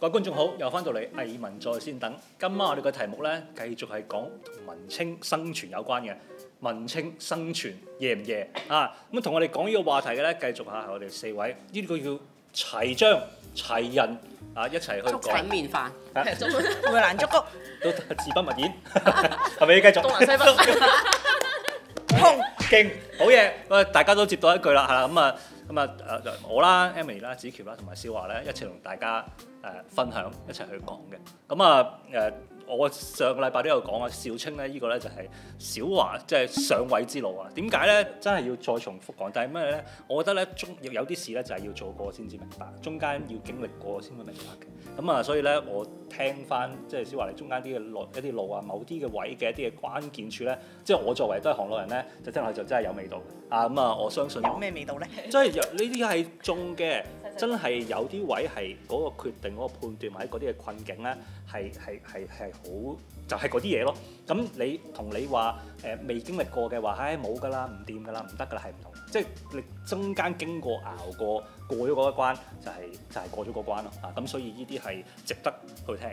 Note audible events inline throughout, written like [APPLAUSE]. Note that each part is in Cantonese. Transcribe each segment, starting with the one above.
各位觀眾好，又翻到嚟藝文在線等，今晚我哋嘅題目咧，繼續係講同文青生存有關嘅，文青生存夜唔夜啊？咁同我哋講呢個話題嘅咧，繼續下我哋四位，呢、這個叫齊章齊人啊，一齊去講。粥粉麵飯、梅蘭竹菊都字不文言，係咪、啊、要繼續？東南西北 [LAUGHS] 勁，好嘢喂！大家都接到一句啦，係啦咁啊，咁啊，誒、嗯嗯，我啦、Emily 啦、紫翹啦同埋小樺咧，一齊同大家誒、呃、分享，一齊去講嘅咁啊誒。嗯呃我上個禮拜都有講啊，小青咧呢個咧就係小樺即係、就是、上位之路啊。點解咧？真係要再重複講，但係咩咧？我覺得咧中有啲事咧就係要做過先至明白，中間要經歷過先會明白嘅。咁、嗯、啊，所以咧我聽翻即係小樺你中間啲嘅路一啲路啊，某啲嘅位嘅一啲嘅關鍵處咧，即、就、係、是、我作為都係行路人咧，就聽落去就真係有味道啊。咁、嗯、啊，我相信有咩味道咧？即係呢啲係中嘅。真係有啲位係嗰個決定、嗰個判斷，或者嗰啲嘅困境咧，係係係係好，就係嗰啲嘢咯。咁你同你話誒未經歷過嘅話，唉冇㗎啦，唔掂㗎啦，唔得㗎啦，係唔同。即係你中間經過熬過過咗嗰一關，就係就係過咗嗰關咯。啊，咁所以呢啲係值得去聽。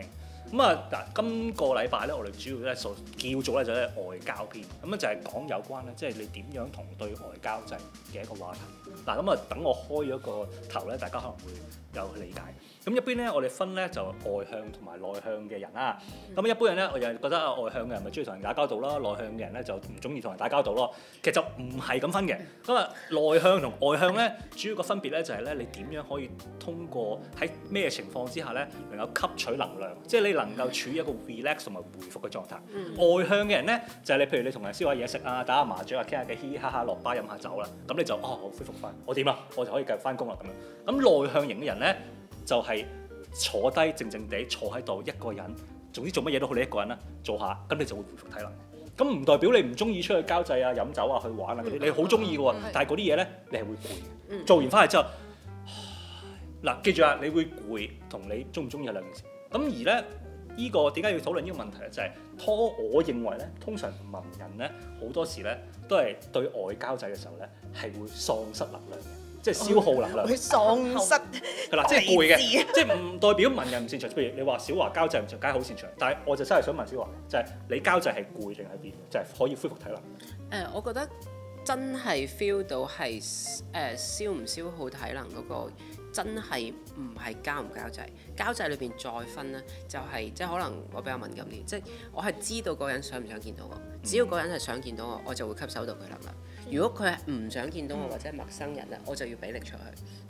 咁啊，嗱，今個禮拜咧，我哋主要咧所叫做咧就係外交篇，咁啊就係、是、講有關咧，即係你點樣同對外交際嘅一個話題。嗱，咁啊，等我開咗個頭咧，大家可能會有理解。咁一般咧，我哋分咧就外向同埋內向嘅人啊。咁一般人咧，我就覺得外向嘅人咪中意同人打交道咯，內向嘅人咧就唔中意同人打交道咯。其實唔係咁分嘅。咁啊，內向同外向咧，主要個分別咧就係咧，你點樣可以通過喺咩情況之下咧能夠吸取能量，即係你能夠處於一個 relax 同埋回復嘅狀態。外向嘅人咧，就係你譬如你同人燒下嘢食啊，打下麻雀啊，傾下偈，嘻嘻哈哈落班飲下酒啦，咁你就哦，我恢復翻，我點啊？我就可以繼續翻工啦咁樣。咁內向型嘅人咧，就係坐低靜靜地坐喺度一個人，總之做乜嘢都好，你一個人啦，做下咁你就會恢復體能。咁唔代表你唔中意出去交際啊、飲酒啊、去玩啊，你好中意嘅喎。的但係嗰啲嘢咧，你係會攰、嗯、做完翻嚟之後，嗱記住啊，你會攰同你中唔中意係兩件事。咁而咧，呢、呢個點解要討論呢個問題咧？就係、是、拖，我認為咧，通常文人咧好多時咧都係對外交際嘅時候咧係會喪失能量嘅。即係消耗能量，喪失係啦， [LAUGHS] 即係攰嘅， [LAUGHS] 即係唔代表文人唔擅長。譬 [LAUGHS] 如你話小樺交際唔擅長，梗係好擅長。但係我就真係想問小樺，就係、是、你交際係攰定喺邊？就係、是、可以恢復體能。誒、呃，我覺得真係 feel 到係誒消唔消耗體能嗰個真係唔係交唔交際。交際裏邊再分呢，就係、是、即係可能我比較敏感啲，即係我係知道個人想唔想見到我。只要個人係想見到我，嗯、我就會吸收到佢能量。如果佢係唔想見到我或者係陌生人啦，我就要俾力出去，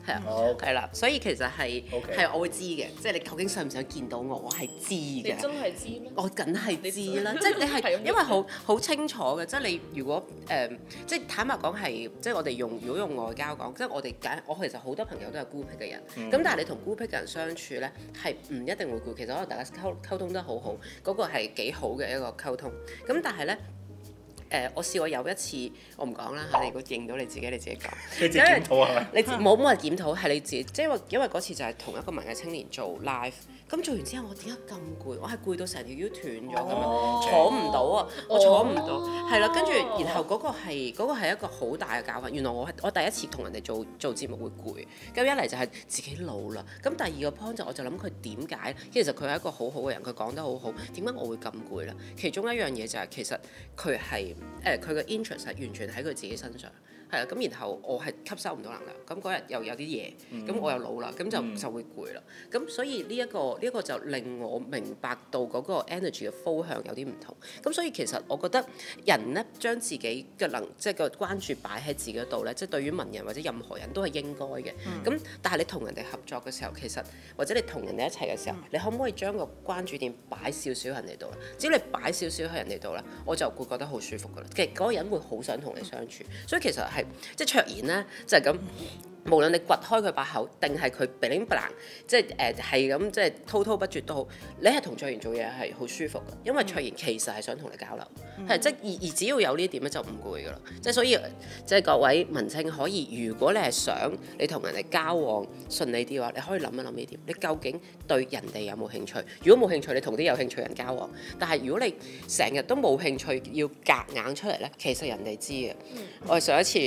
係啊，係啦 Okay.，所以其實係係 Okay. 我會知嘅，即係你究竟想唔想見到我，我係知嘅。你真係知咩？我梗係知啦，即係你係因為好好清楚嘅，即係你如果誒、呃，即係坦白講係，即係我哋用如果用外交講，即係我哋揀，我其實好多朋友都係孤僻嘅人，咁、嗯、但係你同孤僻嘅人相處咧，係唔一定會攰。其實我覺得大家溝溝通得好好，嗰、那個係幾好嘅一個溝通。咁但係咧。誒、呃，我試過有一次，我唔講啦嚇，你、oh. 如果認到你自己，你自己講。 [LAUGHS] 你自己檢討係咪？你冇冇話檢討，係 [LAUGHS] 你自己，即係因為因為嗰次就係同一個文藝青年做 live。咁做完之後，我點解咁攰？我係攰到成條腰斷咗咁樣，哦、坐唔到啊！我坐唔到，係啦、哦。跟住然後嗰個係嗰個係一個好大嘅教訓。原來我我第一次同人哋做做節目會攰。咁一嚟就係自己老啦。咁第二個 point 就我就諗佢點解？其實佢係一個好好嘅人，佢講得好好。點解我會咁攰啦？其中一樣嘢就係、是、其實佢係誒佢嘅 interest 完全喺佢自己身上。係啊，咁然後我係吸收唔到能量，咁嗰日又有啲嘢，咁、嗯、我又老啦，咁就就會攰啦。咁、嗯、所以呢、呢、一個呢一、呢個就令我明白到嗰個 energy 嘅方向有啲唔同。咁所以其實我覺得人咧將自己嘅能即係個關注擺喺自己度咧，即係對於文人或者任何人都係應該嘅。咁、嗯、但係你同人哋合作嘅時候，其實或者你同人哋一齊嘅時候，你可唔可以將個關注點擺少少人哋度？只要你擺少少喺人哋度咧，我就會覺得好舒服㗎啦。其實嗰個人會好想同你相處，所以其實即係卓然咧，就係咁。無論你掘開佢把口，定係佢鼻 l i n 即係誒係咁，即係、呃、滔滔不絕都好。你係同卓賢做嘢係好舒服嘅，因為卓賢其實係想同你交流，係、嗯、即而而只要有呢一點咧就唔攰噶啦。即係所以，即係各位文青可以，如果你係想你同人哋交往順利啲嘅話，你可以諗一諗呢點。你究竟對人哋有冇興趣？如果冇興趣，你同啲有興趣人交往。但係如果你成日都冇興趣要隔硬出嚟咧，其實人哋知嘅。我上一次。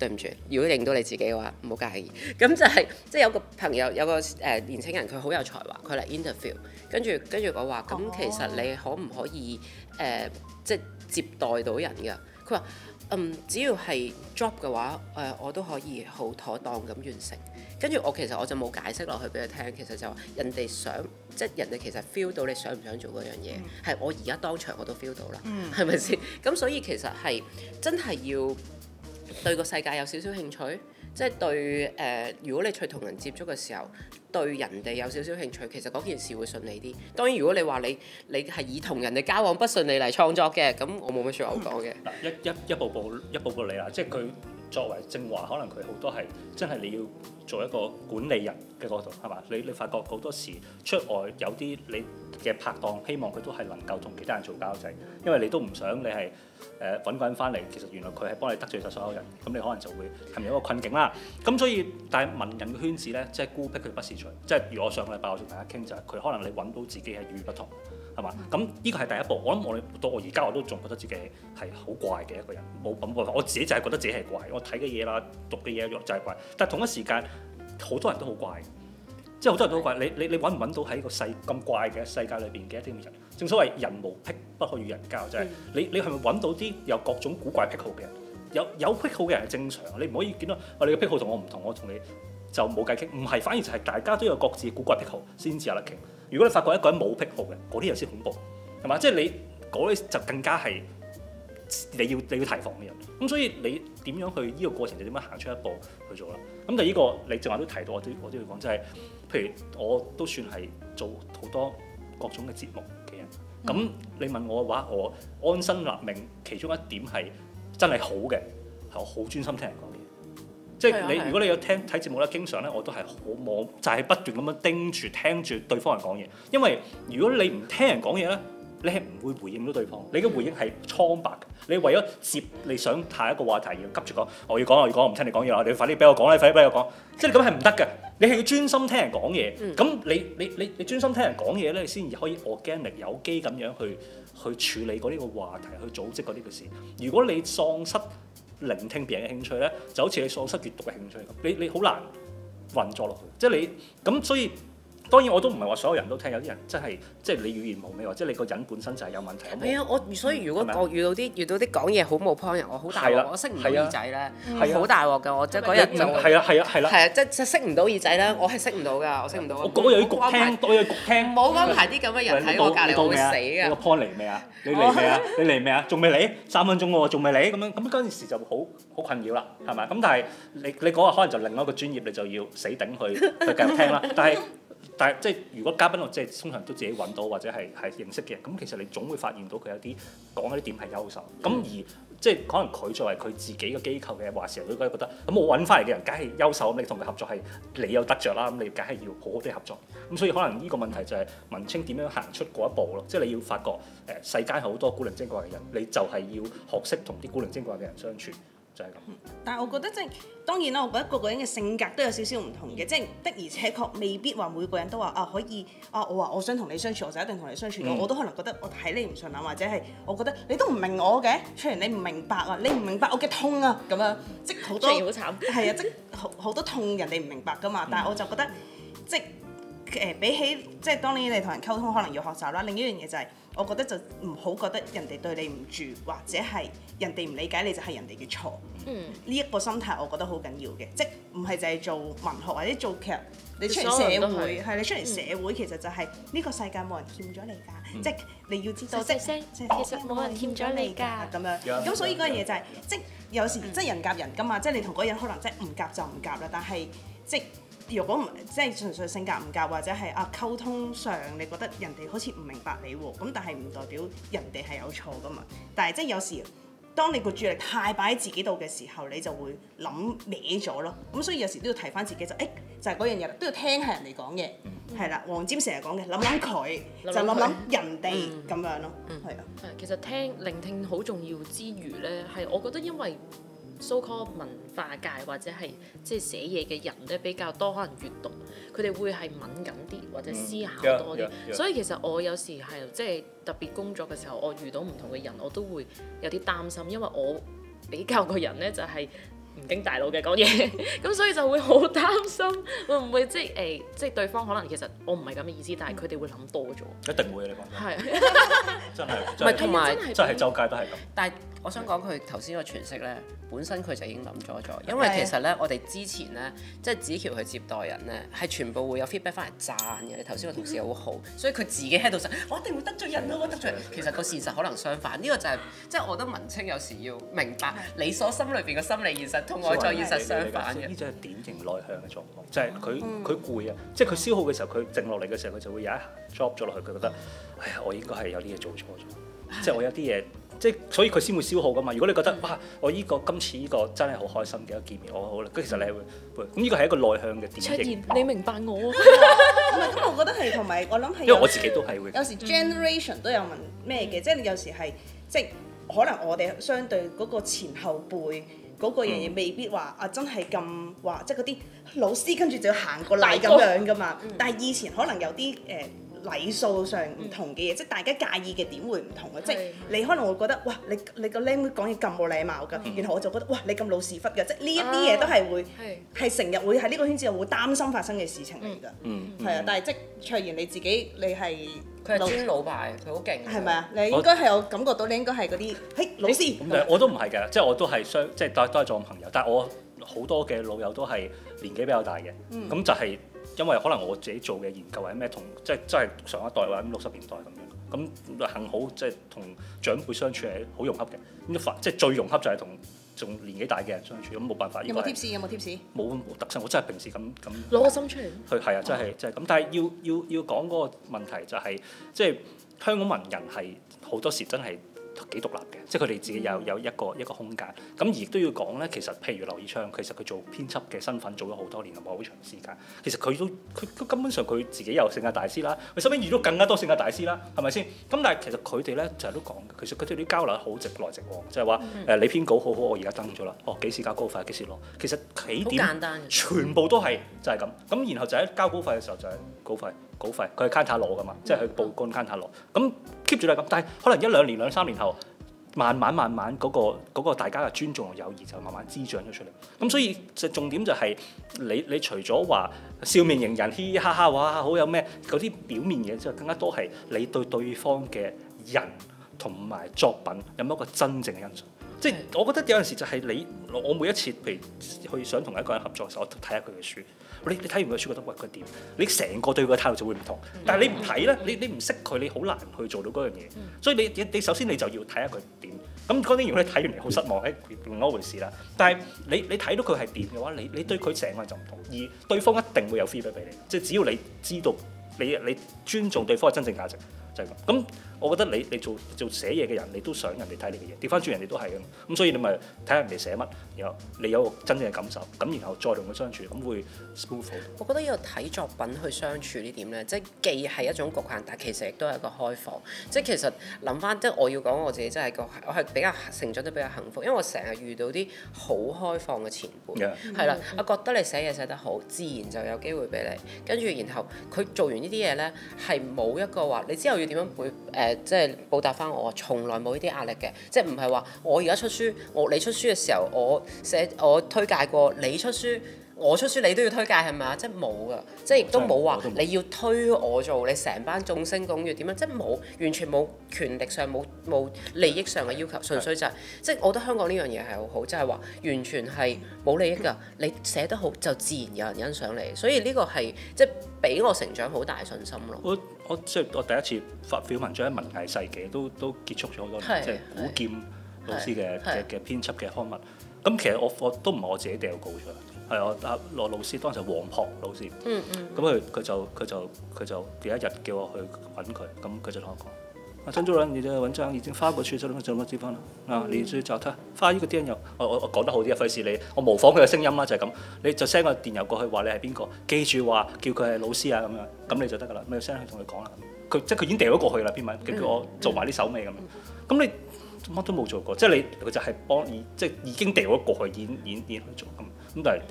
對唔住，如果令到你自己嘅話，唔好介意。咁 [LAUGHS] 就係、是，即係有個朋友，有個誒年青人，佢好有才華，佢嚟 interview，跟住跟住我話，咁其實你可唔可以誒、呃，即係接待到人㗎？佢話，嗯，只要係 job 嘅話，誒、呃、我都可以好妥當咁完成。跟住我其實我就冇解釋落去俾佢聽，其實就話人哋想，即係人哋其實 feel 到你想唔想做嗰樣嘢，係、嗯、我而家當場我都 feel 到啦，係咪先？咁所以其實係真係要。對個世界有少少興趣，即係對誒、呃，如果你去同人接觸嘅時候，對人哋有少少興趣，其實嗰件事會順利啲。當然，如果你話你你係以同人哋交往不順利嚟創作嘅，咁我冇乜說話好講嘅。一一步步一步步嚟啦，即係佢。作為正華，可能佢好多係真係你要做一個管理人嘅角度，係嘛？你你發覺好多時出外，外有啲你嘅拍檔，希望佢都係能夠同其他人做交際，因為你都唔想你係誒揾緊返嚟。其實原來佢係幫你得罪晒所有人，咁你可能就會陷入一個困境啦。咁所以但係文人嘅圈子呢，即係孤僻佢不是罪，即係如我上個禮拜我同大家傾就係、是、佢可能你揾到自己係與不同。係嘛？咁呢個係第一步。我諗我到我而家我都仲覺得自己係好怪嘅一個人，冇冇我自己就係覺得自己係怪。我睇嘅嘢啦，讀嘅嘢就就係怪。但係同一時間，好多人都好怪，即係好多人都好怪。的你你你揾唔揾到喺個世咁怪嘅世界裏邊嘅一啲人？正所謂人無癖不可與人交，就係、是、你你係咪揾到啲有各種古怪癖好嘅人？有有癖好嘅人係正常，你唔可以見到我、哦、你嘅癖好同我唔同，我同你就冇偈傾。唔係，反而就係大家都有各自古怪癖好先至有得傾。如果你發覺一個人冇癖好嘅，嗰啲有先恐怖，係嘛？即係你嗰啲就更加係你要你要提防嘅人。咁所以你點樣去呢個過程就點樣行出一步去做啦。咁第二個你正話都提到，我我都要講即係譬如我都算係做好多各種嘅節目嘅人。咁你問我嘅話，我安身立命其中一點係真係好嘅係我好專心聽人講嘢。即係你，的如果你有聽睇節目咧，經常咧我都係好忙，就係不斷咁樣盯住聽住對方人講嘢。因為如果你唔聽人講嘢咧，你係唔會回應到對方，你嘅回應係蒼白嘅。你為咗接你想下一個話題而要急住講，我要講我要講，我唔聽你講嘢啦，你要快啲俾我講，你快啲俾我講。即係咁係唔得嘅，你係要專心聽人講嘢。咁、嗯、你你你你專心聽人講嘢咧，先至可以 organic 有機咁樣去去處理嗰呢個話題，去組織嗰呢個事。如果你喪失聆聽別人嘅興趣咧，就好似你喪失閱讀嘅興趣咁，你你好難運作落去，即係你咁，所以。當然我都唔係話所有人都聽，有啲人真係即係你語言無味喎，即係你個人本身就係有問題。係啊，我所以如果我遇到啲遇到啲講嘢好冇 point 嘅人，我好大鑊，我識唔到耳仔咧，好大鑊㗎。我即係嗰日就係啊，係啊，係啦，係啊，即係識唔到耳仔咧，我係識唔到㗎，我識唔到。我講有啲焗聽，有啲焗聽，冇安排啲咁嘅人喺我隔離會死㗎。point 嚟未啊？你嚟未啊？你嚟未啊？仲未嚟？三分鐘喎，仲未嚟？咁樣咁嗰陣時就好好困擾啦，係咪？咁但係你你講啊，可能就另外一個專業，你就要死頂去去繼續聽啦。但係但係，即係如果嘉賓我即係通常都自己揾到或者係係認識嘅，咁其實你總會發現到佢有啲講嗰啲點係優秀咁，而即係可能佢作為佢自己嘅機構嘅話事人佢覺得覺得咁我揾翻嚟嘅人梗係優秀，嗯嗯優秀嗯、你同佢合作係你有得着啦，咁、嗯、你梗係要好好啲合作咁、嗯，所以可能呢個問題就係文青點樣行出嗰一步咯，即係你要發覺誒、呃、世間好多古靈精怪嘅人，你就係要學識同啲古靈精怪嘅人相處。但係我覺得即係當然啦，我覺得個個人嘅性格都有少少唔同嘅，嗯、即係的而且確未必話每個人都話啊可以啊我話我想同你相處，我就一定同你相處，嗯、我都可能覺得我睇你唔順眼，或者係我覺得你都唔明我嘅，雖然你唔明白啊，你唔明白我嘅痛啊咁樣，即係好多好慘 [LAUGHS] 係啊，即係好好多痛人哋唔明白㗎嘛，嗯、但係我就覺得即係、呃、比起即係當年你同人溝通，可能要學習啦。另一樣嘢就係、是。我覺得就唔好覺得人哋對你唔住，或者係人哋唔理解你就係人哋嘅錯。嗯，呢一個心態我覺得好緊要嘅，即唔係淨係做文學或者做劇，你出嚟社會係你出嚟社會其實就係呢個世界冇人欠咗你㗎，即你要知道，即係其實冇人欠咗你㗎咁樣。咁所以嗰樣嘢就係，即有時即係人夾人㗎嘛，即係你同嗰人可能即係唔夾就唔夾啦，但係即係。若果唔即係純粹性格唔夾，或者係啊溝通上你覺得人哋好似唔明白你喎，咁但係唔代表人哋係有錯噶嘛。但係即係有時，當你個注意力太擺喺自己度嘅時候，你就會諗歪咗咯。咁所以有時都要提返自己就，誒、欸、就係、是、嗰樣嘢啦，都要聽下人哋講嘢，係啦、嗯。黃霑成日講嘅，諗諗佢就諗諗、嗯、人哋咁、嗯、樣咯，係啊、嗯。係的其實聽聆聽好重要之餘咧，係我覺得因為。So called，文化界或者係即係寫嘢嘅人咧比較多，可能閲讀，佢哋會係敏感啲或者思考多啲。嗯、yeah, yeah, yeah. 所以其實我有時係即係特別工作嘅時候，我遇到唔同嘅人，我都會有啲擔心，因為我比較個人咧就係唔經大腦嘅講嘢，咁所以就會好擔心會唔會即係誒、欸、即係對方可能其實我唔係咁嘅意思，但係佢哋會諗多咗。一定會，你講真係真係唔係，同埋真係周街都係咁。但我想講佢頭先個詮釋咧，本身佢就已經諗咗咗，因為其實咧，我哋之前咧，即係子喬去接待人咧，係全部會有 feedback 翻嚟讚嘅。你頭先個同事好好，所以佢自己喺度想，我一定會得罪人咯，我得罪人。其實個事實可能相反，呢個就係即係我覺得文青有時要明白你所心裏邊嘅心理現實同外在現實相反，呢個係典型內向嘅狀況。就係佢佢攰啊，即係佢消耗嘅時候，佢靜落嚟嘅時候，佢就會有一下 drop 咗落去，佢覺得哎呀，我應該係有啲嘢做錯咗，即係我有啲嘢。即係所以佢先會消耗噶嘛。如果你覺得、嗯、哇，我依、這個今次呢、這個真係好開心嘅一見面，我好啦。咁其實你係會，咁呢、這個係一個內向嘅典型。卓然你明白我。唔係，咁我覺得係同埋我諗係。因為我自己都係會。 [LAUGHS] 有時 generation 都有問咩嘅、嗯，即係你有時係即係可能我哋相對嗰個前後輩嗰個人，亦未必話、嗯、啊真係咁話，即係嗰啲老師跟住就要行過嚟咁哥樣噶嘛。嗯嗯、但係以前可能有啲誒。呃禮數上唔同嘅嘢，即係大家介意嘅點會唔同嘅？即係你可能會覺得，哇！你你個僆妹講嘢咁冇禮貌噶，然後我就覺得，哇！你咁老屎忽嘅，即係呢一啲嘢都係會係成日會喺呢個圈子又會擔心發生嘅事情嚟㗎。嗯，係啊，但係即係卓然你自己，你係佢係尊老派，佢好勁，係咪啊？你應該係有感覺到，你應該係嗰啲嘿老師。我都唔係嘅，即係我都係相，即係都都係做朋友。但係我好多嘅老友都係年紀比較大嘅，咁就係。因為可能我自己做嘅研究係咩，同即係即係上一代或者六十年代咁樣。咁幸好即係同長輩相處係好融洽嘅。咁即係最融洽就係同仲年紀大嘅人相處。咁冇辦法。這個、有冇貼士？有冇貼士？冇特質，我真係平時咁咁。攞個心出嚟。去係啊，真係、哦、真係。咁但係要要要講嗰個問題就係、是，即係香港文人係好多時真係。幾獨立嘅，即係佢哋自己有有一個、嗯、一個空間，咁而都要講咧。其實譬如劉以鬯，其實佢做編輯嘅身份做咗好多年，同埋好長時間。其實佢都佢根本上佢自己有性格大師啦，佢身邊遇到更加多性格大師啦，係咪先？咁但係其實佢哋咧就係都講，其實佢哋啲交流好直來直往，就係話誒你編稿好好，我而家登咗啦。哦，幾時交稿費？幾時攞？其實起點簡單全部都係就係、是、咁，咁然後就喺交稿費嘅時候就係、是、稿費。稿費佢去監察攞㗎嘛，即係去報館監察攞，咁 keep 住係咁。但係可能一兩年、兩三年後，慢慢、慢慢嗰、嗰個嗰個大家嘅尊重同友誼就慢慢滋長咗出嚟。咁所以就重點就係、是、你，你除咗話笑面迎人、嘻嘻哈哈，哇好有咩嗰啲表面嘢之外，更加多係你對對方嘅人同埋作品有冇一個真正嘅因素。嗯、即係我覺得有陣時就係你，我每一次譬如去想同一個人合作嘅時候，我睇下佢嘅書。你你睇完個書覺得喂佢點？你成個對佢嘅態度就會唔同。但係你唔睇咧，你你唔識佢，你好難去做到嗰樣嘢。所以你你首先你就要睇下佢點。咁嗰啲如果你睇完嚟好失望，係另一回事啦。但係你你睇到佢係點嘅話，你你，你對佢成個人就唔同。而對方一定會有 feedback 畀你，即係、就是、只要你知道你你尊重對方嘅真正價值，就係、是、咁。我覺得你你做做寫嘢嘅人，你都想人哋睇你嘅嘢。調翻轉人哋都係咁，咁、嗯、所以你咪睇下人哋寫乜，然後你有個真正嘅感受，咁然後再同佢相處，咁會 smooth 啲。我覺得呢個睇作品去相處呢點咧，即係既係一種局限，但其實亦都係一個開放。即係其實諗翻，即係我要講我自己真，真係個我係比較成長得比較幸福，因為我成日遇到啲好開放嘅前輩，係啦，我覺得你寫嘢寫得好，自然就有機會俾你。跟住然後佢做完呢啲嘢咧，係冇一個話你之後要點樣背誒。呃即係報答翻我，從來冇呢啲壓力嘅，即係唔係話我而家出書，我你出書嘅時候，我寫我推介過你出書。我出書你都要推介係咪啊？即係冇噶，即係亦都冇話你要推我做，你成班眾星拱月點樣？即係冇，完全冇權力上，冇冇利益上嘅要求，純粹就係、是、是的 即係我覺得香港呢樣嘢係好好，即係話完全係冇利益噶，你寫得好就自然有人欣賞你，所以呢個係即係俾我成長好大信心咯。我即係我第一次發表文章喺文藝世紀都都結束咗好多年即係是的 古劍老師嘅嘅嘅編輯嘅刊物，咁其實我我，我都唔係我自己掉稿出嚟。係啊，阿羅老師當時係黃樸老師。嗯嗯。咁佢佢就佢就佢就第一日叫我去揾佢，咁佢就同我講：阿、啊、珍珠捻嘢啫，揾張已經花過處，做乜做乜接翻啦？嗯、啊，你最就睇花依個電郵，我我我講得好啲啊，費事你我模仿佢嘅聲音啦，就係、是、咁。你就 send 個電郵過去話你係邊個，記住話叫佢係老師啊咁樣，咁你就得㗎啦。咪 send 去同佢講啦。佢即係佢已經掉咗過去啦，邊問？叫我做埋啲手尾咁樣。咁你。乜都冇做過，即係你佢就係幫你，就是、幫即係已經掉咗過去演演演去做咁，咁但係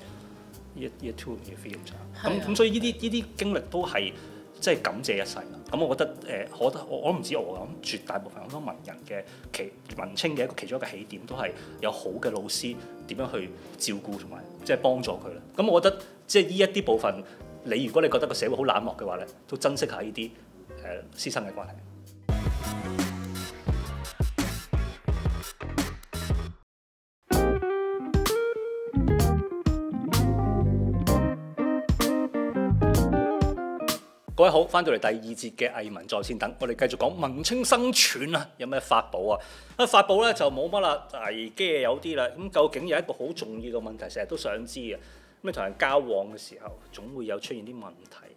一一 two 一 three 咁咁所以呢啲呢啲經歷都係即係感謝一世啦。咁、嗯、我覺得誒、呃，我我我唔知我諗絕大部分好多文人嘅其文青嘅其中一個起點，都係有好嘅老師點樣去照顧同埋即係幫助佢啦。咁、嗯、我覺得即係呢一啲部分，你如果你覺得個社會好冷漠嘅話咧，都珍惜下呢啲誒師生嘅關係。各位好，翻到嚟第二節嘅藝文在線等，我哋繼續講文青生存啊，有咩法寶啊？啊，法寶咧就冇乜啦，危機有啲啦。咁究竟有一個好重要嘅問題，成日都想知啊。咁啊，同人交往嘅時候，總會有出現啲問題。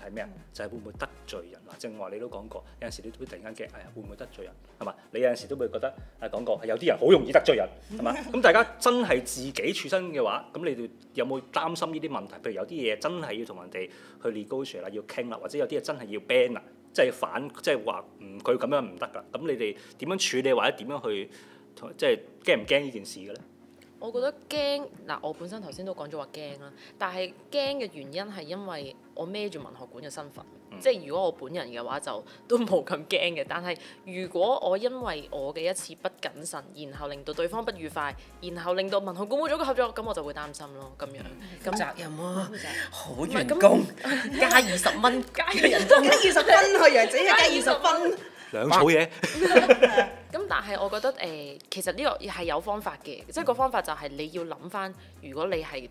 係咩啊？就係、是、會唔會得罪人嗱？正話你都講過，有陣時你都會突然間驚，係、哎、啊，會唔會得罪人係嘛？你有陣時都會覺得，係、啊、講過，有啲人好容易得罪人係嘛？咁 [LAUGHS] 大家真係自己處身嘅話，咁你哋有冇擔心呢啲問題？譬如有啲嘢真係要同人哋去 negotiate 啦，要傾啦，或者有啲嘢真係要 ban 啦，即係反，即係話嗯，佢咁樣唔得㗎。咁你哋點樣處理或者點樣去即係驚唔驚呢件事嘅咧？我覺得驚嗱，我本身頭先都講咗話驚啦，但係驚嘅原因係因為我孭住文學館嘅身份，嗯、即係如果我本人嘅話就都冇咁驚嘅，但係如果我因為我嘅一次不謹慎，然後令到對方不愉快，然後令到文學館冇咗個合作，咁我就會擔心咯，咁樣咁、嗯、咁責任啊，嗯、好員工加二十蚊，加二十蚊，加二十蚊，係啊，佢以為自己加二十分。兩草嘢，咁哇 [LAUGHS] 但係我覺得誒、呃，其實呢個係有方法嘅，即係個方法就係你要諗翻，如果你係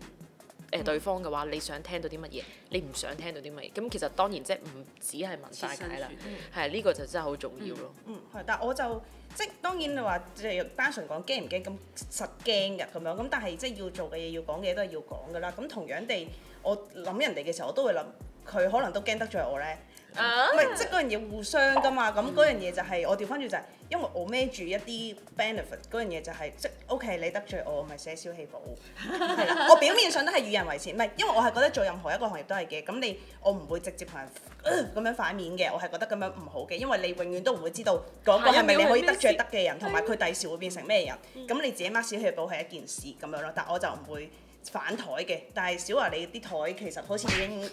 誒對方嘅話，嗯、你想聽到啲乜嘢，你唔想聽到啲乜嘢，咁其實當然即係唔只係文化界啦，係呢個就真係好重要咯。嗯，係、這個嗯嗯，但係我就即係當然你話即係單純講驚唔驚咁實驚噶咁樣，咁但係即係要做嘅嘢要講嘅嘢都係要講噶啦。咁同樣地，我諗人哋嘅時候，我都會諗佢可能都驚得罪我咧。唔係，即係嗰樣嘢互相噶嘛，咁嗰樣嘢就係、是、我調翻轉就係、是，因為我孭住一啲 benefit 嗰樣嘢就係、是，即係 OK 你得罪我，咪寫小氣簿係啦。我表面上都係與人為善，唔係因為我係覺得做任何一個行業都係嘅。咁你我唔會直接同人咁、呃、樣反面嘅，我係覺得咁樣唔好嘅，因為你永遠都唔會知道嗰個係咪你可以得罪得嘅人，同埋佢第時會變成咩人。咁的你自己 mark 小氣簿係一件事咁樣咯，但係我就唔會反台嘅。但係小樺你啲台其實好似已經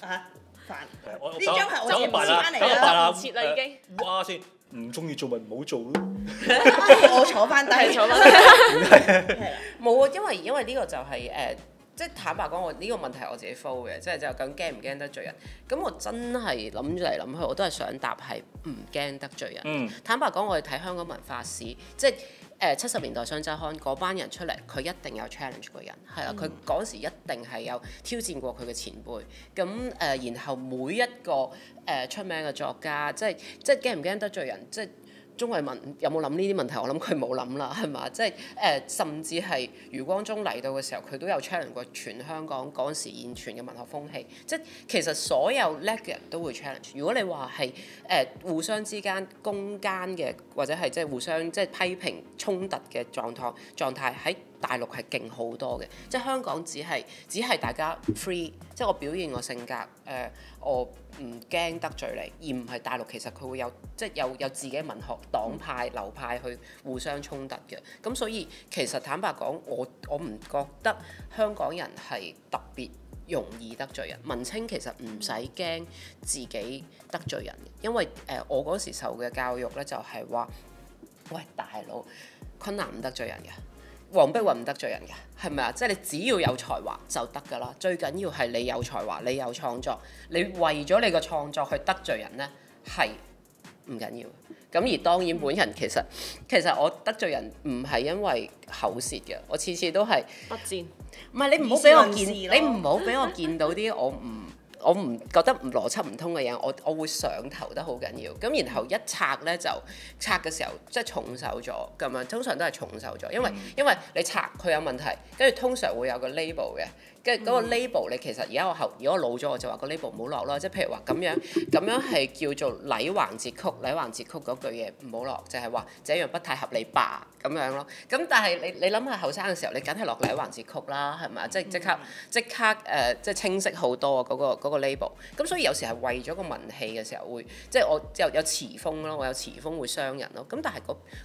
嚇。啊呢但張係我自己切翻嚟啦，唔切啦已經。呃呃、哇！先唔中意做咪唔好做咯、 [LAUGHS] 哎。我坐翻低，坐翻低啦，冇啊，因為因為呢個就係、是、誒。Uh 即係坦白講，我呢、這個問題我自己 fail 嘅，即係就咁驚唔驚得罪人？咁我真係諗嚟諗去，我都係想答係唔驚得罪人。嗯、坦白講，我哋睇香港文化史，即係誒七十年代雙周刊嗰班人出嚟，佢一定有 challenge 過人，係啦，佢嗰時一定係有挑戰過佢嘅、嗯、前輩。咁誒、呃，然後每一個誒、呃、出名嘅作家，即係即係驚唔驚得罪人？即係。鍾慧文有冇諗呢啲問題？我諗佢冇諗啦，係嘛？即係誒、呃，甚至係余光中嚟到嘅時候，佢都有 challenge 過全香港嗰陣時現存嘅文學風氣。即係其實所有叻嘅人都會 challenge。如果你話係誒互相之間攻堅嘅，或者係即係互相即係、即係、批評衝突嘅狀態狀態喺大陸係勁好多嘅，即係香港只係只係大家 free，即係我表現我性格，誒、呃，我唔驚得罪你，而唔係大陸其實佢會有即係有有自己文學黨派流派去互相衝突嘅，咁所以其實坦白講，我我唔覺得香港人係特別容易得罪人，文青其實唔使驚自己得罪人，因為誒、呃、我嗰時受嘅教育咧就係、是、話，喂大佬，昆南唔得罪人嘅。黃碧雲唔得罪人嘅，係咪啊？即係你只要有才華就得噶啦，最緊要係你有才華，你有創作，你為咗你個創作去得罪人呢，係唔緊要。咁而當然本人其實其實我得罪人唔係因為口舌嘅，我次次都係不戰。唔係你唔好俾我見，你唔好俾我見到啲我唔。 [LAUGHS] 我唔覺得唔邏輯唔通嘅嘢，我我會上頭得好緊要，咁然後一拆呢，就拆嘅時候即係重手咗咁樣，通常都係重手咗，因為因為你拆佢有問題，跟住通常會有個 label 嘅。跟住嗰個 label，你其實而家我後，如果我老咗，我就話個 label 唔好落啦。即係譬如話咁樣，咁樣係叫做禮環節曲，禮環節曲嗰句嘢唔好落，就係、是、話這樣不太合理吧咁樣咯。咁但係你你諗下後生嘅時候，你梗係落禮環節曲啦，係咪？即係即刻即刻誒、呃，即係清晰好多嗰、那個嗰、那個 label。咁所以有時係為咗個文氣嘅時候會，會即係我有有詞風咯，我有詞風會傷人咯。咁但係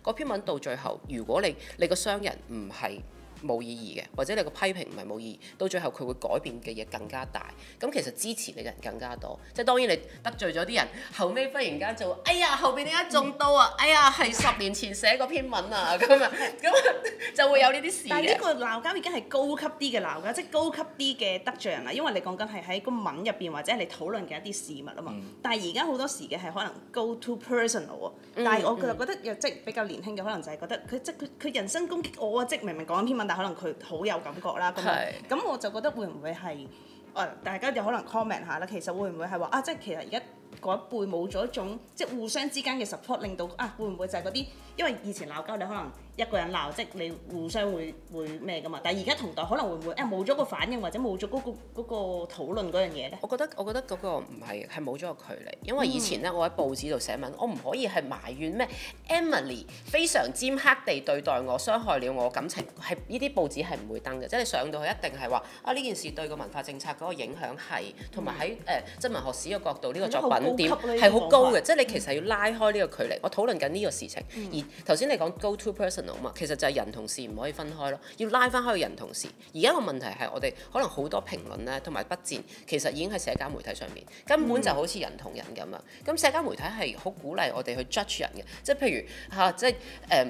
嗰篇文到最後，如果你你個傷人唔係。冇意義嘅，或者你個批評唔係冇意義，到最後佢會改變嘅嘢更加大。咁其實支持你嘅人更加多，即係當然你得罪咗啲人，後尾忽然間就，哎呀，後邊點解中刀啊？嗯、哎呀，係十年前寫嗰篇文啊，咁啊，咁就會有呢啲事。但係呢個鬧交已經係高級啲嘅鬧交，即係高級啲嘅得罪人啦。因為你講緊係喺個文入邊或者你討論嘅一啲事物啊嘛。嗯、但係而家好多時嘅係可能 go to personal，但係我佢覺得又即比較年輕嘅，可能就係覺得佢即佢人身攻擊我啊！即明明講篇文。但可能佢好有感覺啦，咁咁是我就覺得會唔會係誒？大家又可能 comment 下啦。其實會唔會係話啊？即係其實而家嗰一輩冇咗一種即係互相之間嘅 support，令到啊，會唔會就係嗰啲？因為以前鬧交，你可能一個人鬧，即你互相會會咩噶嘛，但係而家同代可能會唔會誒冇咗個反應或者冇咗嗰個嗰個討論嗰樣嘢咧？我覺得我覺得嗰個唔係係冇咗個距離，因為以前咧我喺報紙度寫文，嗯、我唔可以係埋怨咩 Emily 非常尖刻地對待我，傷害了我感情，係呢啲報紙係唔會登嘅。即你上到去一定係話啊呢件事對個文化政策嗰個影響係，同埋喺誒即文學史嘅角度呢個作品點係好高嘅，即係你其實要拉開呢個距離。我討論緊呢個事情而。嗯嗯頭先你講 go to personal 嘛，其實就係人同事唔可以分開咯，要拉翻開人同事。而家個問題係我哋可能好多評論咧，同埋筆戰，其實已經喺社交媒體上面，根本就好似人同人咁啊。咁社交媒體係好鼓勵我哋去 judge 人嘅，即係譬如嚇、啊，即係誒、呃，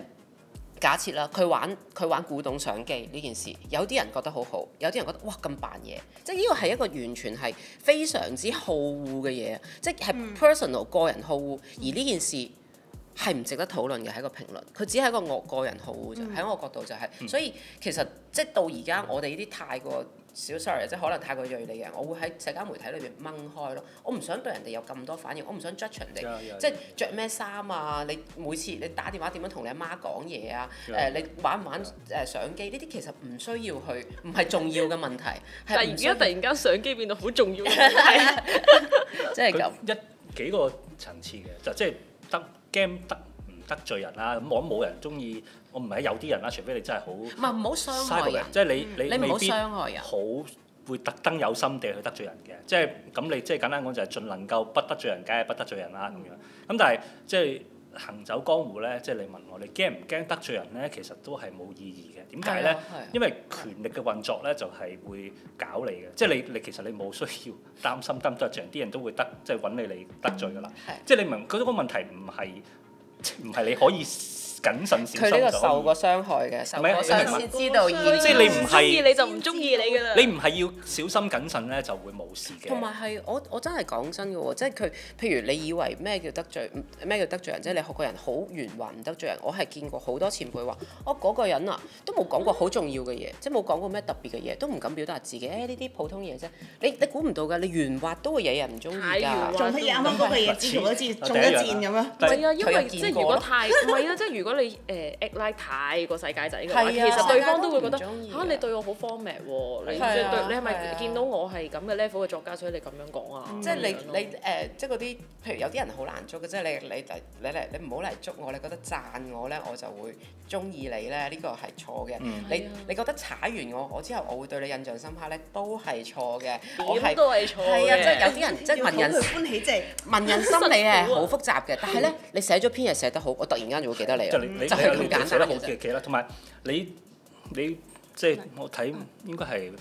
假設啦，佢玩佢玩古董相機呢件事，有啲人覺得好好，有啲人覺得哇咁扮嘢，即係呢個係一個完全係非常之好惡嘅嘢，即係 personal、嗯、個人好惡，而呢件事。係唔值得討論嘅，係一個評論。佢只係一個我個人好啫。喺、嗯、我角度就係、係，嗯、所以其實即係到而家，嗯、我哋呢啲太過小，小 sorry，即係可能太過鋭利嘅，我會喺社交媒體裏邊掹開咯。我唔想對人哋有咁多反應，我唔想 judge 人哋，嗯嗯、即係著咩衫啊？你每次你打電話點樣同你阿媽講嘢啊？誒、嗯，你玩唔玩誒相機？呢啲、嗯、其實唔需要去，唔係重要嘅問題。 [LAUGHS] 但係而家突然間相機變到好重要，係啊， [LAUGHS] 即係咁一幾個層次嘅，就即係得。驚得唔得罪人啦，咁我冇人中意，我唔係有啲人啦、啊，除非你真係好唔係唔好傷害人，害人即係你、嗯、你你唔好傷害人，好會特登有心地去得罪人嘅，即係咁你即係簡單講就係、是、盡能夠不得罪人，梗係不得罪人啦、啊、咁樣。咁、嗯、但係即係。行走江湖咧，即係你問我，你驚唔驚得罪人咧？其實都係冇意義嘅。點解咧？因為權力嘅運作咧，就係會搞你嘅。的即係你，你其實你冇需要擔心得唔得罪人啲人都會得，即係揾你你得罪㗎啦。的即係你問得、嗰個問題，唔係唔係你可以。 [LAUGHS] 謹慎小心，佢呢個受過傷害嘅，受過傷是，是知道而，是是即係你唔係，道你就唔中意你㗎啦。你唔係要小心謹慎咧，就會冇事嘅。同埋係我，我真係講真嘅喎，即係佢，譬如你以為咩叫得罪，咩叫得罪人，即係你學個人好圓滑唔得罪人，我係見過好多前輩話，我、哦、嗰、那個人啊，都冇講過好重要嘅嘢，即係冇講過咩特別嘅嘢，都唔敢表達自己，呢、哎、啲普通嘢啫。你你估唔到㗎，你圓滑都會有人唔中意㗎。圓滑啲。啱啱多嘅嘢，中像一箭一樣，中一箭咁啊。係啊，因為即係如果太，係 [LAUGHS] 啊，即係如果。如果你誒 act like 太過世界仔，其實對方都會覺得嚇你對我好 format 喎，你你係咪見到我係咁嘅 level 嘅作家，所以你咁樣講啊？即係你你誒，即係嗰啲，譬如有啲人好難捉嘅，即係你你你嚟你唔好嚟捉我，你覺得讚我咧，我就會中意你咧，呢個係錯嘅。你你覺得踩完我我之後，我會對你印象深刻咧，都係錯嘅。點都係錯嘅。係啊，即係有啲人，即係文人歡喜，即係文人心理係好複雜嘅。但係咧，你寫咗篇嘢寫得好，我突然間就會記得你。嗯、你就簡你奇奇，啊、你做得好嘅嘅啦，同埋你你即係我睇應該係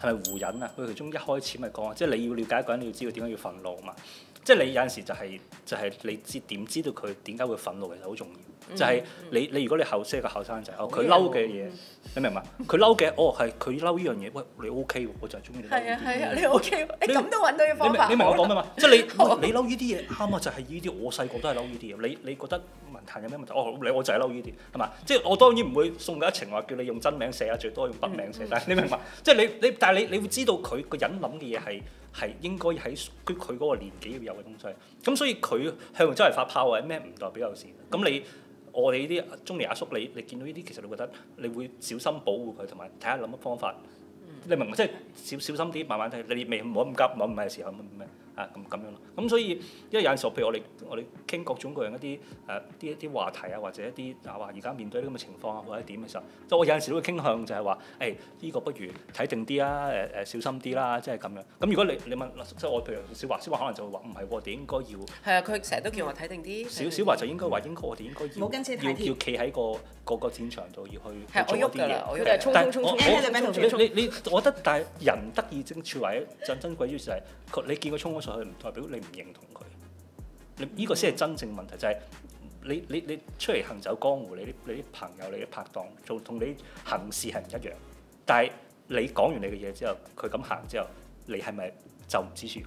係咪胡人啊？佢其中一開始咪講話，即、就、係、是、你要了解一個人，你要知道點解要憤怒啊嘛。即、就、係、是、你有陣時就係、是、就係、是、你知點知道佢點解會憤怒，其實好重要。就係、是、你你如果你後、嗯嗯、生嘅後生仔，佢嬲嘅嘢。嗯你明唔明？佢嬲嘅，哦，係佢嬲呢樣嘢。喂，你 O K 喎，我就係中意你。係啊係啊，你 O K 喎，你咁都揾到嘅方法。你，你明我講咩嘛？ [LAUGHS] 即係你好你嬲呢啲嘢，啱啊！ [LAUGHS] 就係呢啲，我細個都係嬲呢啲嘢。你你覺得文壇有咩問題？哦，你我就係嬲呢啲，係嘛？即係我當然唔會送佢一程，話叫你用真名寫啊，最多用筆名寫。但係你明嘛？ [LAUGHS] 即係你你，但係你你會知道佢個人諗嘅嘢係係應該喺佢佢嗰個年紀要有嘅東西。咁所以佢向周圍發炮或者咩，唔代表有事。咁你。我哋呢啲中年阿叔，你你見到呢啲，其實你覺得你會小心保護佢，同埋睇下諗乜方法？嗯、你明唔明？即係小小心啲，慢慢睇。你未唔好咁急，唔好唔係時候，唔咪。啊，咁咁樣咯，咁所以因為有陣時候譬如我哋我哋傾各種各樣一啲誒啲一啲話題啊，或者一啲啊話而家面對啲咁嘅情況啊，或者點嘅時候，即我有陣時都會傾向就係話，誒呢個不如睇定啲啦，誒誒小心啲啦，即係咁樣。咁如果你你問，即我譬如小樺，小樺可能就會話唔係喎，我哋應該要係啊，佢成日都叫我睇定啲。小小樺就應該話，應該我哋應該要要要企喺個個個戰場度要去做一啲嘢，係我喐㗎啦，我喐嚟衝衝衝衝衝衝衝衝衝衝衝衝衝衝衝衝衝衝衝衝衝衝佢唔代表你唔認同佢，這個就是，你呢個先係真正問題，就係你你你出嚟行走江湖，你啲你啲朋友，你啲拍檔做同你行事係唔一樣，但係你講完你嘅嘢之後，佢咁行之後，你係咪就唔支持佢？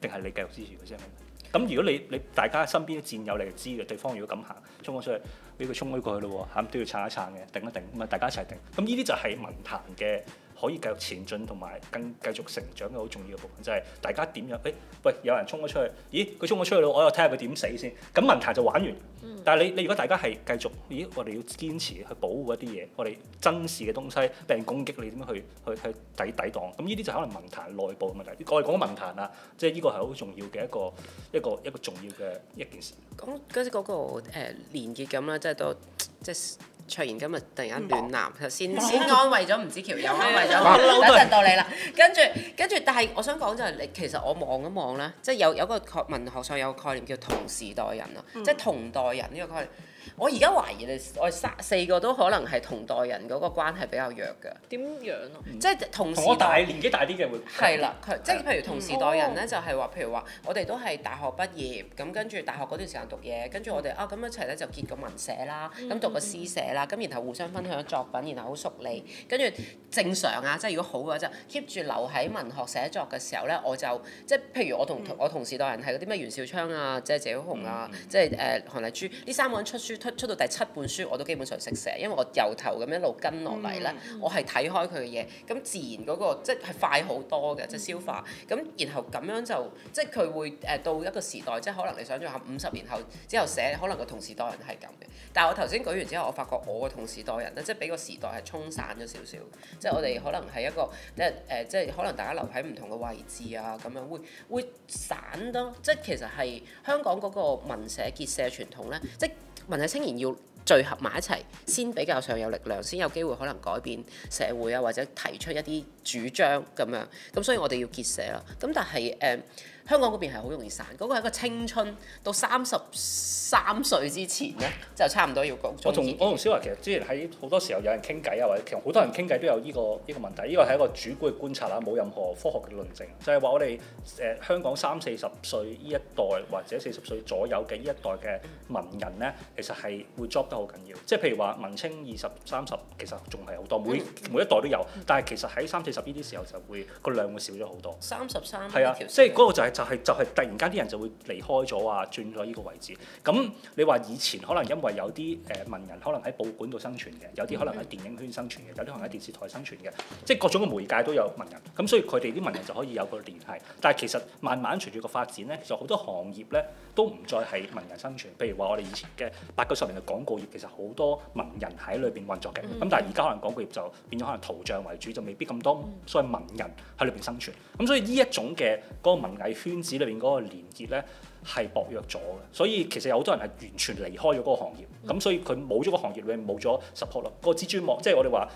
定係你繼續支持佢先？咁、嗯、如果你你大家身邊啲戰友你就知嘅，對方如果咁行衝咗出去，俾佢衝開過去咯喎，都要撐一撐嘅，頂一頂咁啊！大家一齊頂。咁呢啲就係文壇嘅。可以繼續前進同埋更繼續成長嘅好重要嘅部分，就係、是、大家點樣？誒、哎，喂，有人衝咗出去，咦？佢衝咗出去，我又睇下佢點死先。咁文壇就玩完。嗯、但係你你如果大家係繼續，咦？我哋要堅持去保護一啲嘢，我哋珍視嘅東西，俾人攻擊你，你點樣去去去抵抵擋？咁呢啲就可能文壇內部嘅問題。我哋講文壇啊，即係呢個係好重要嘅一個一個一個重要嘅一件事。講嗰啲嗰個誒、呃、連結咁啦，即係都即係。出現今日突然間暖男，其實先先安慰咗吳子喬，又安慰咗，等陣到你啦。跟住跟住，但係我想講就係，你其實我望一望咧，即係有有個概文學上有個概念叫同時代人啊，嗯、即係同代人呢個概念。我而家懷疑你，我哋三四個都可能係同代人嗰個關係比較弱嘅。點樣咯、啊？即係同時同我大年紀大啲嘅會。係啦，佢的即係譬如同時代人咧，就係、是、話，譬如話，我哋都係大學畢業，咁跟住大學嗰段時間讀嘢，跟住我哋啊咁一齊咧就結個文社啦，咁讀個詩社啦，咁然後互相分享作品，然後好熟膩，跟住正常啊，即係如果好嘅話就 keep 住留喺文學寫作嘅時候咧，我就即係譬如我同、嗯、我同時代人係嗰啲咩袁兆昌啊，即係謝曉虹啊，嗯、即係誒韓麗珠呢三個人出書。出到第七本書，我都基本上識寫，因為我由頭咁一路跟落嚟咧，嗯、我係睇開佢嘅嘢，咁自然嗰、那個即係快好多嘅，即係、嗯、消化咁。然後咁樣就即係佢會誒到一個時代，即係可能你想像下五十年後之後寫，可能個同時代人係咁嘅。但係我頭先舉完之後，我發覺我個同時代人咧，即係俾個時代係沖散咗少少，即係我哋可能係一個即係誒，即係可能大家留喺唔同嘅位置啊，咁樣會會散囉、啊。即係其實係香港嗰個文社結社傳統咧，即民眾青年要聚合埋一齊，先比較上有力量，先有機會可能改變社會啊，或者提出一啲主張咁樣。咁所以我哋要結社啦。咁但係誒。Um, 香港嗰邊係好容易散，嗰、那個係一個青春到三十三歲之前咧，就差唔多要 job。我同我同小樺其實之前喺好多時候有人傾偈啊，或者其實好多人傾偈都有呢、這個依、這個問題，呢、這個係一個主觀嘅觀察啦，冇任何科學嘅論證，就係、是、話我哋誒、呃、香港三四十歲呢一代或者四十歲左右嘅呢一代嘅文人咧，其實係會 job 得好緊要。即係譬如話文青二十三十，其實仲係好多，每每一代都有，但係其實喺三四十呢啲時候就會個量會少咗好多。三十三係啊，即係嗰個就係、是。就係、是、就係、是、突然間啲人就會離開咗啊，轉咗依個位置。咁你話以前可能因為有啲誒、呃、文人可能喺報館度生存嘅，有啲可能喺電影圈生存嘅，有啲可能喺電視台生存嘅，即係各種嘅媒介都有文人。咁所以佢哋啲文人就可以有個聯繫。但係其實慢慢隨住個發展咧，就好多行業咧都唔再係文人生存。譬如話我哋以前嘅八九十年嘅廣告業，其實好多文人喺裏邊運作嘅。咁、mm hmm. 但係而家可能廣告業就變咗可能圖像為主，就未必咁多所謂文人喺裏邊生存。咁所以呢一種嘅嗰個文藝。圈子裏邊嗰個連結咧係薄弱咗嘅，所以其實有好多人係完全離開咗嗰個行業，咁、嗯、所以佢冇咗個行業裏面，冇咗 support 啦。個蜘蛛網，即係我哋話，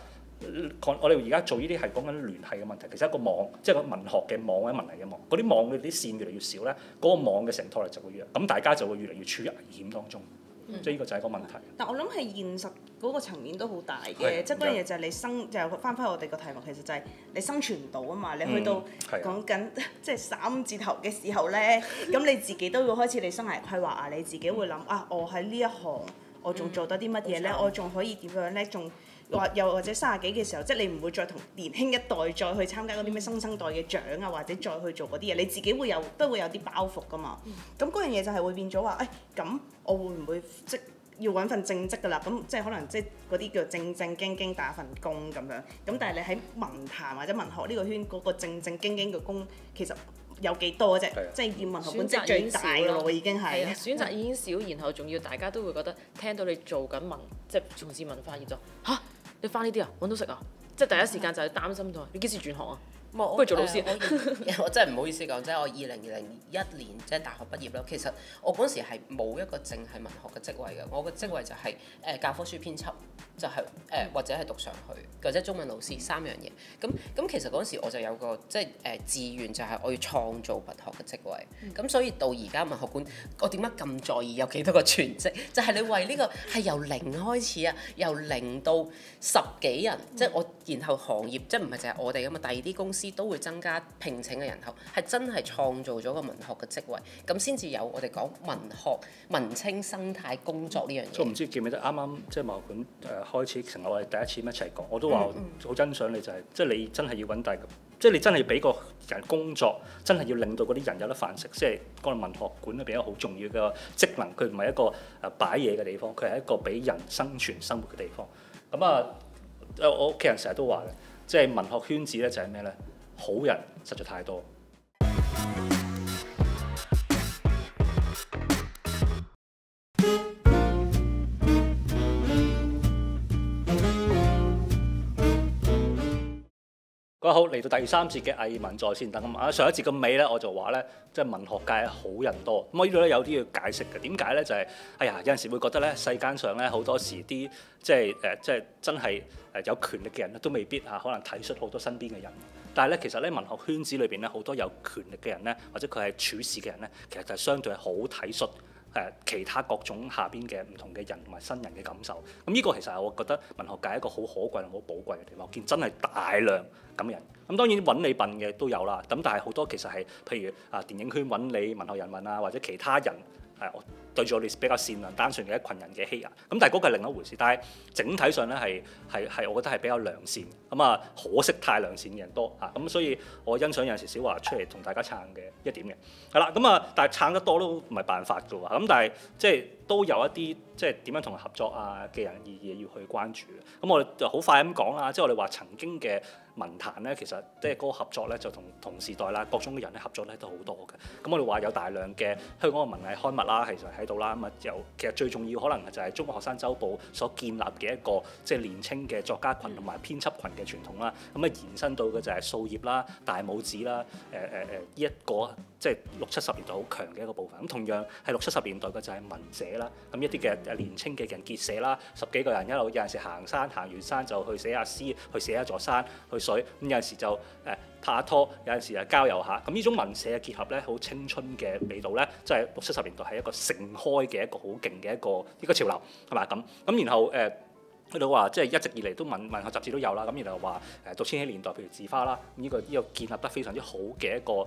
我哋而家做呢啲係講緊聯繫嘅問題，其實一個網，即係個文學嘅網或者文藝嘅網，嗰啲網嘅啲線越嚟越少咧，嗰、嗰個網嘅承托力就會弱，咁大家就會越嚟越處於危險當中。即係呢個就係個問題。但我諗係現實嗰個層面都好大嘅，即係嗰樣嘢就係你生，就翻返我哋個題目，其實就係你生存唔到啊嘛。你去到、嗯、講緊即係、就是、三字頭嘅時候咧，咁 [LAUGHS] 你自己都要開始你生涯規劃啊。你自己會諗、嗯、啊，我喺呢一行我仲做得啲乜嘢咧？嗯、我仲可以點樣咧？仲或又或者三十幾嘅時候，即係你唔會再同年輕一代再去參加嗰啲咩新生代嘅獎啊，或者再去做嗰啲嘢，你自己會有都會有啲包袱噶嘛。咁嗰樣嘢就係會變咗話，誒，咁我會唔會即要揾份正職噶啦？咁即係可能即係嗰啲叫正正經經打份工咁樣。咁但係你喺文壇或者文學呢個圈嗰個正正經經嘅工，其實有幾多啫？了即係要文學本職最大咯，我已經係選擇已經少，然後仲要大家都會覺得聽到你做緊文，即係從事文化業作嚇。翻呢啲啊，搵到食啊，即係第一時間就係擔心佢。你幾時轉學啊？唔好去做老師， [LAUGHS] 我，我，我真係唔好意思講，即係我二零零一年即係、就是、大學畢業啦。其實我嗰時係冇一個淨係文學嘅職位嘅，我嘅職位就係、是、誒、呃、教科書編輯，就係、是、誒、呃、或者係讀上去，或者中文老師三樣嘢。咁咁其實嗰時我就有個即係誒、呃、志願就係我要創造文學嘅職位。咁、嗯、所以到而家文學館，我點解咁在意有幾多個全職？就係、是、你為呢個係由零開始啊，由零到十幾人，嗯、即係我然後行業即係唔係淨係我哋咁嘛？第二啲公司。都會增加聘請嘅人口，係真係創造咗個文學嘅職位，咁先至有我哋講文學文青生態工作呢樣嘢。我唔、嗯嗯嗯、知記唔記得，啱啱即係文學館誒開始成我哋第一次一齊講，我都話好、嗯嗯、欣賞你、就是，就係即係你真係要揾大，即係你真係俾個人工作，真係要令到嗰啲人有得飯食，即係嗰個文學館咧，比較好重要嘅職能。佢唔係一個誒擺嘢嘅地方，佢係一個俾人生存生活嘅地方。咁啊，我屋企人成日都話咧，即係文學圈子咧就係咩咧？好人實在太多。各位好，嚟到第三節嘅藝文在線等。啊，上一節嘅尾咧，我就話咧，即係文學界好人多。咁我呢度咧有啲要解釋嘅，點解咧就係、是，哎呀，有陣時會覺得咧，世間上咧好多時啲即係誒，即係真係誒有權力嘅人咧，都未必嚇可能睇出好多身邊嘅人。但係咧，其實咧，文學圈子裏邊咧，好多有權力嘅人咧，或者佢係處事嘅人咧，其實就相對係好體恤誒其他各種下邊嘅唔同嘅人同埋新人嘅感受。咁、嗯、呢、呢個其實係我覺得文學界一個好可貴好寶貴嘅地方。我見真係大量咁嘅人。咁、嗯、當然揾你笨嘅都有啦。咁但係好多其實係譬如啊，電影圈揾你，文學人揾啊，或者其他人。係我對住我哋比較善良單純嘅一群人嘅欺壓，咁但係嗰個係另一回事。但係整體上咧係係係，我覺得係比較良善咁啊，可惜太良善嘅人多嚇，咁、啊、所以我欣賞有陣時小樺出嚟同大家撐嘅一點嘅。係啦，咁啊，但係撐得多都唔係辦法嘅喎。咁、啊、但係即係都有一啲即係點樣同佢合作啊嘅人意義要去關注。咁我就好快咁講啊，即係我哋話曾經嘅。文壇咧，其實即係嗰個合作咧，就同同時代啦，各種嘅人咧合作咧都好多嘅。咁我哋話有大量嘅香港嘅文藝刊物啦，其實就喺度啦。咁啊，由其實最重要可能就係《中國學生週報》所建立嘅一個即係、就是、年青嘅作家群同埋編輯群嘅傳統啦。咁、嗯、啊延伸到嘅就係素葉啦、大拇指啦、誒誒誒一個即係、就是、六七十年代好強嘅一個部分。咁同樣係六七十年代嘅就係文社啦。咁一啲嘅年青嘅人結社啦，十幾個人一路有陣時行山，行完山就去寫下詩，去寫一座山，去山去水咁，嗯、有陣時就誒拍下拖，有陣時又交遊下，咁、嗯、呢種文社嘅結合咧，好青春嘅味道咧，即係六七十年代係一個盛開嘅一個好勁嘅一個一個，一個潮流，係嘛，咁咁，然後誒。呃佢哋話即係一直以嚟都文文學雜誌都有啦，咁然後話誒到千禧年代，譬如字花啦，呢、這個呢、這個建立得非常之好嘅一個誒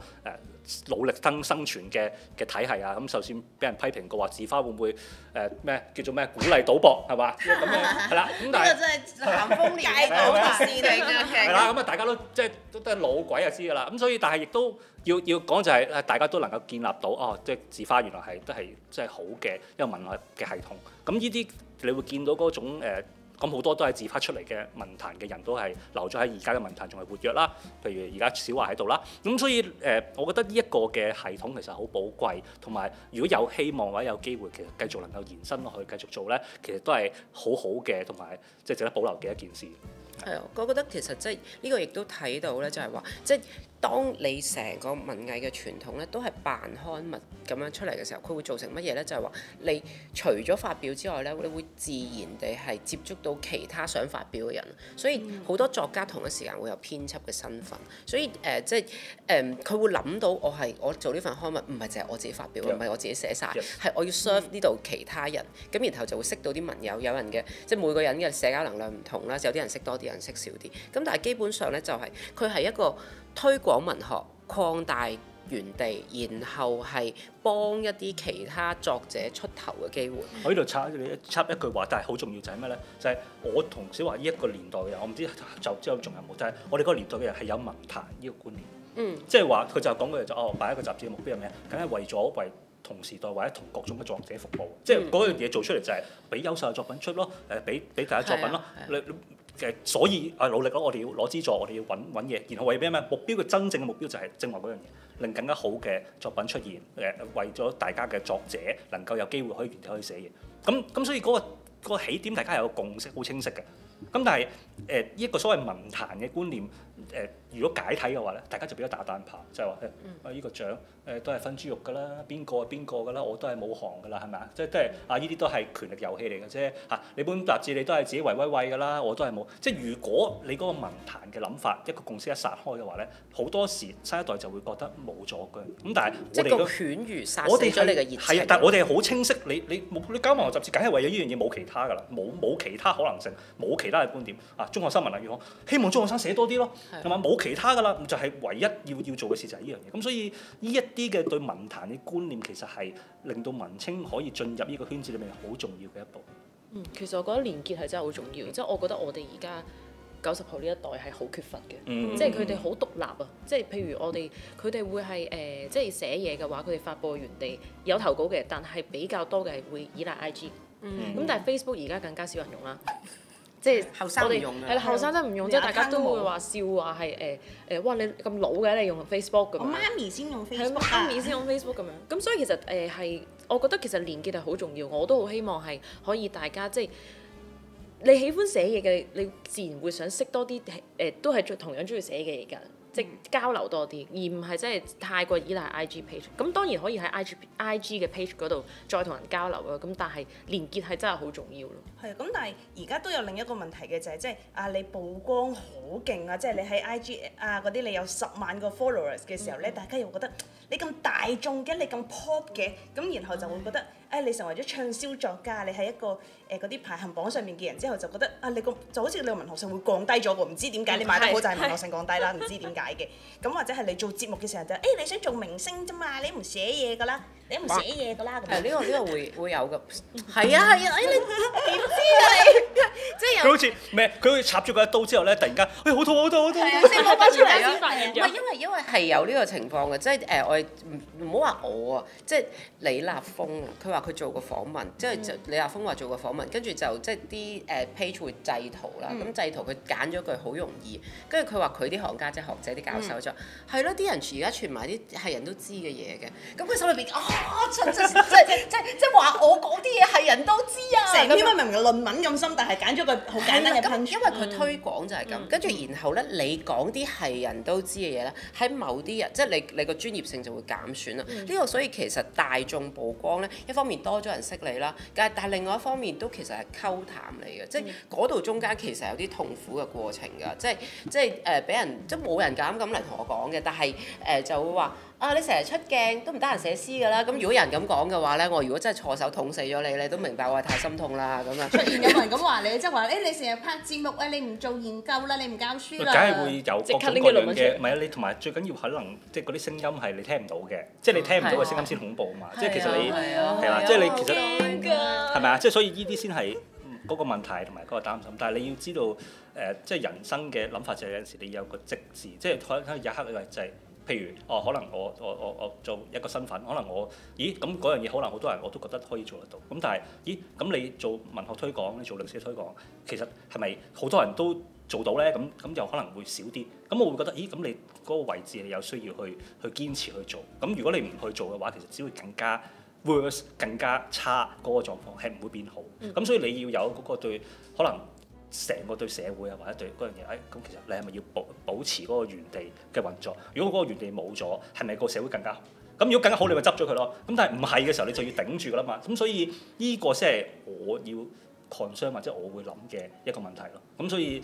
努力爭生存嘅嘅體系啊，咁就算俾人批評過話字花會唔會誒咩叫做咩鼓勵賭博係嘛咁樣係啦，咁但係呢個真係行風解港嘅事啦，咁啊大家都即係都都係老鬼啊知㗎啦，咁、嗯、所以但係亦都要要講就係、是、大家都能夠建立到哦，即係字花原來係都係即係好嘅一個文學嘅系統，咁呢啲你會見到嗰種、呃呃咁好、嗯、多都係自發出嚟嘅，文壇嘅人都係留咗喺而家嘅文壇，仲係活躍啦。譬如而家小樺喺度啦，咁、嗯、所以誒、呃，我覺得呢一個嘅系統其實好寶貴，同埋如果有希望或者有機會，其實繼續能夠延伸落去，繼續做呢，其實都係好好嘅，同埋即係值得保留嘅一件事。係啊，我覺得其實即係呢個亦都睇到呢，就係話即，這個當你成個文藝嘅傳統咧，都係辦刊物咁樣出嚟嘅時候，佢會造成乜嘢咧？就係話，你除咗發表之外咧，你會自然地係接觸到其他想發表嘅人。所以好多作家同一時間會有編輯嘅身份。所以誒、呃，即係誒，佢、呃、會諗到我係我做呢份刊物，唔係淨係我自己發表，唔係、嗯、我自己寫晒，係、嗯、我要 serve 呢度其他人。咁然後就會識到啲文友，有人嘅即係每個人嘅社交能量唔同啦，有啲人識多啲，有人識多啲，有人識少啲。咁但係基本上咧、就係，就係佢係一個。推廣文學、擴大園地，然後係幫一啲其他作者出頭嘅機會。我依度插插一句話，但係好重要就係咩咧？就係、是、我同小華呢一個年代嘅人，我唔知就之後仲有冇，就係我哋嗰個年代嘅人係有文壇呢個觀念，嗯，即係話佢就講嗰句就哦，擺一個雜誌嘅目標係咩？梗係為咗為同時代或者同各種嘅作者服務，嗯、即係嗰樣嘢做出嚟就係俾優秀嘅作品出咯，誒，俾俾大家作品咯，你、啊。嘅，所以啊，努力咗，我哋要攞資助，我哋要揾揾嘢，然後為咩咩？目標嘅真正嘅目標就係正話嗰樣嘢，令更加好嘅作品出現。誒，為咗大家嘅作者能夠有機會可以可以寫嘢。咁咁所以嗰個嗰個起點，大家有個共識，好清晰嘅。咁但係誒，呢個所謂文壇嘅觀念。誒，如果解體嘅話咧，大家就畀咗打彈炮，就係話誒，啊、哎、依、這個獎誒、呃、都係分豬肉噶啦，邊個邊個噶啦，我都係冇行噶啦，係咪啊？即係都係啊！依啲都係權力遊戲嚟嘅啫嚇。你本雜誌你都係自己圍威喂噶啦，我都係冇。即係如果你嗰個文壇嘅諗法，一個共識，一散開嘅話咧，好多時新一代就會覺得冇咗嘅。咁但係我哋都，我哋係你嘅意係，但係我哋好清晰，你你冇你搞文學雜誌，梗係為咗呢樣嘢冇其他噶啦，冇冇其他可能性，冇其他嘅觀點。啊，中學新聞啊，如講希望中學生寫多啲咯。同埋冇其他噶啦，就係唯一要要做嘅事就係呢樣嘢。咁所以呢一啲嘅對文壇嘅觀念其實係令到文青可以進入呢個圈子裏面好重要嘅一步。嗯，其實我覺得連結係真係好重要，即係我覺得我哋而家九十後呢一代係好缺乏嘅、嗯，即係佢哋好獨立啊！即係譬如我哋佢哋會係誒、呃，即係寫嘢嘅話，佢哋發佈原地有投稿嘅，但係比較多嘅係會依賴 IG。咁但係 Facebook 而家更加少人用啦。即係我哋係啦，後生真係唔用，後即係大家都會話笑話係誒誒，哇！你咁老嘅，你用 Facebook 咁，我媽咪先用 Facebook，媽咪先用 Facebook 咁樣。咁 [LAUGHS] 所以其實誒係、呃，我覺得其實連結係好重要，我都好希望係可以大家即係你喜歡寫嘢嘅，你自然會想識多啲誒、呃，都係同樣中意寫嘅嚟㗎。即係交流多啲，而唔係真係太過依賴 IG page。咁當然可以喺 IG IG 嘅 page 嗰度再同人交流咯。咁但係連結係真係好重要咯。係啊，咁但係而家都有另一個問題嘅就係、是，即係啊你曝光好勁、就是、啊，即係你喺 IG 啊嗰啲你有十萬個 followers 嘅時候咧，嗯、大家又覺得你咁大眾嘅，你咁 pop 嘅，咁然後就會覺得。誒，你成為咗暢銷作家，你係一個誒嗰啲排行榜上面嘅人之後，就覺得啊，你個就好似你個文學性會降低咗喎，唔知點解是你賣得好就係文學性降低啦，唔是知點解嘅。咁 [LAUGHS] 或者係你做節目嘅時候就誒、哎，你想做明星咋嘛，你唔寫嘢噶啦。你唔寫嘢㗎啦，咁呢個呢個會會有㗎。係啊係啊，哎你點知啊你？即係佢 [LAUGHS] 好似咩？佢好似插住嗰把刀之後咧，突然間哎好痛好痛好痛！佢先發出嚟先發現咗。喂，因為因為係有呢個情況嘅，即係誒我唔好話我啊，即係李立峰，佢話佢做過訪問，即係就李立峰話做過訪問，跟住就即係啲誒 page 會製圖啦。咁製圖，佢揀咗句好容易，跟住佢話佢啲行家即係學者啲教授就係咯，啲人而家傳埋啲係人都知嘅嘢嘅，咁佢手裏邊即即即即即即話我講啲嘢係人都知啊！成篇明明論文咁深，但係揀咗個好簡單嘅問題，嗯，因為佢推廣就係咁。嗯、跟住然後咧，嗯、你講啲係人都知嘅嘢咧，喺某啲人即係你你個專業性就會減損啦。呢、嗯、個所以其實大眾曝光咧，一方面多咗人識你啦，但係但係另外一方面都其實係溝淡嚟嘅，即係嗰度中間其實有啲痛苦嘅過程㗎是， [LAUGHS] 即係即係誒俾人即冇人，人敢啱咁嚟同我講嘅，但係誒、呃、就會話。啊！你成日出鏡都唔得閒寫詩㗎啦。咁如果有人咁講嘅話咧，我如果真係錯手捅死咗你，你都明白我係太心痛啦。咁啊，出現有人咁話你，即係話誒你成日拍節目啊，你唔做研究啦，你唔教書啦。梗係會有各樣嘅，唔係啊！你同埋最緊要可能即係嗰啲聲音係你聽唔到嘅，即係你聽唔到嘅聲音先恐怖啊嘛。即係其實你係啦，即係你其實係咪啊？即係所以呢啲先係嗰個問題同埋嗰個擔心。但係你要知道誒，即係人生嘅諗法就係有陣時你有個直字，即係有一刻你係。譬如哦，可能我我我我做一個身份，可能我咦咁嗰樣嘢可能好多人我都覺得可以做得到，咁但係咦咁你做文學推廣，你做歷史推廣，其實係咪好多人都做到呢？咁咁就可能會少啲。咁我會覺得咦咁你嗰個位置你有需要去去堅持去做，咁如果你唔去做嘅話，其實只會更加 worse，更加差嗰個狀況，係唔會變好。咁、嗯、所以你要有嗰個對可能。成個對社會啊，或者對嗰樣嘢，誒、哎、咁其實你係咪要保保持嗰個原地嘅運作？如果嗰個原地冇咗，係咪個社會更加好？咁如果更加好，你咪執咗佢咯。咁但係唔係嘅時候，你就要頂住噶啦嘛。咁所以呢個先係我要 concern 或者我會諗嘅一個問題咯。咁所以誒誒、